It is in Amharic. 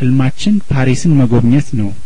ህልማችን ፓሪስን መጎብኘት ነው